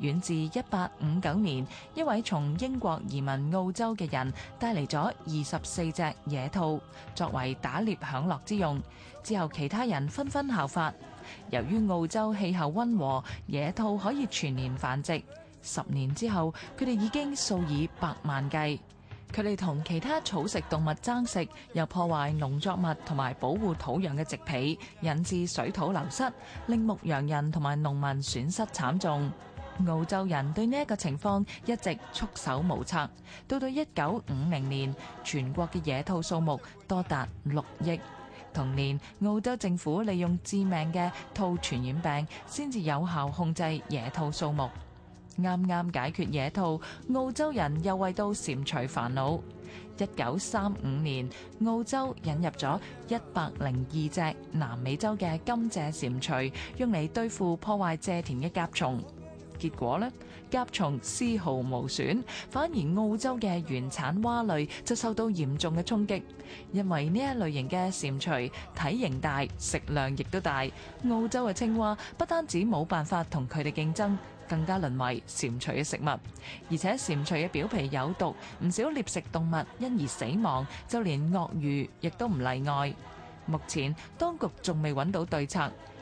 遠自一八五九年，一位從英國移民澳洲嘅人帶嚟咗二十四隻野兔，作為打獵享樂之用。之後，其他人紛紛效法。由於澳洲氣候溫和，野兔可以全年繁殖。十年之後，佢哋已經數以百萬計。佢哋同其他草食動物爭食，又破壞農作物同埋保護土壤嘅植皮，引致水土流失，令牧羊人同埋農民損失慘重。澳洲人對呢一個情況一直束手無策，到到一九五零年，全國嘅野兔數目多達六億。同年，澳洲政府利用致命嘅兔傳染病，先至有效控制野兔數目。啱啱解決野兔，澳洲人又為到蟾蜍煩惱。一九三五年，澳洲引入咗一百零二隻南美洲嘅甘蔗蟾蜍，用嚟對付破壞蔗田嘅甲蟲。結果呢，甲蟲絲毫無損，反而澳洲嘅原產蛙類就受到嚴重嘅衝擊，因為呢一類型嘅蟾蜍體型大，食量亦都大，澳洲嘅青蛙不單止冇辦法同佢哋競爭，更加淪為蟾蜍嘅食物，而且蟾蜍嘅表皮有毒，唔少獵食動物因而死亡，就連鱷魚亦都唔例外。目前當局仲未搵到對策。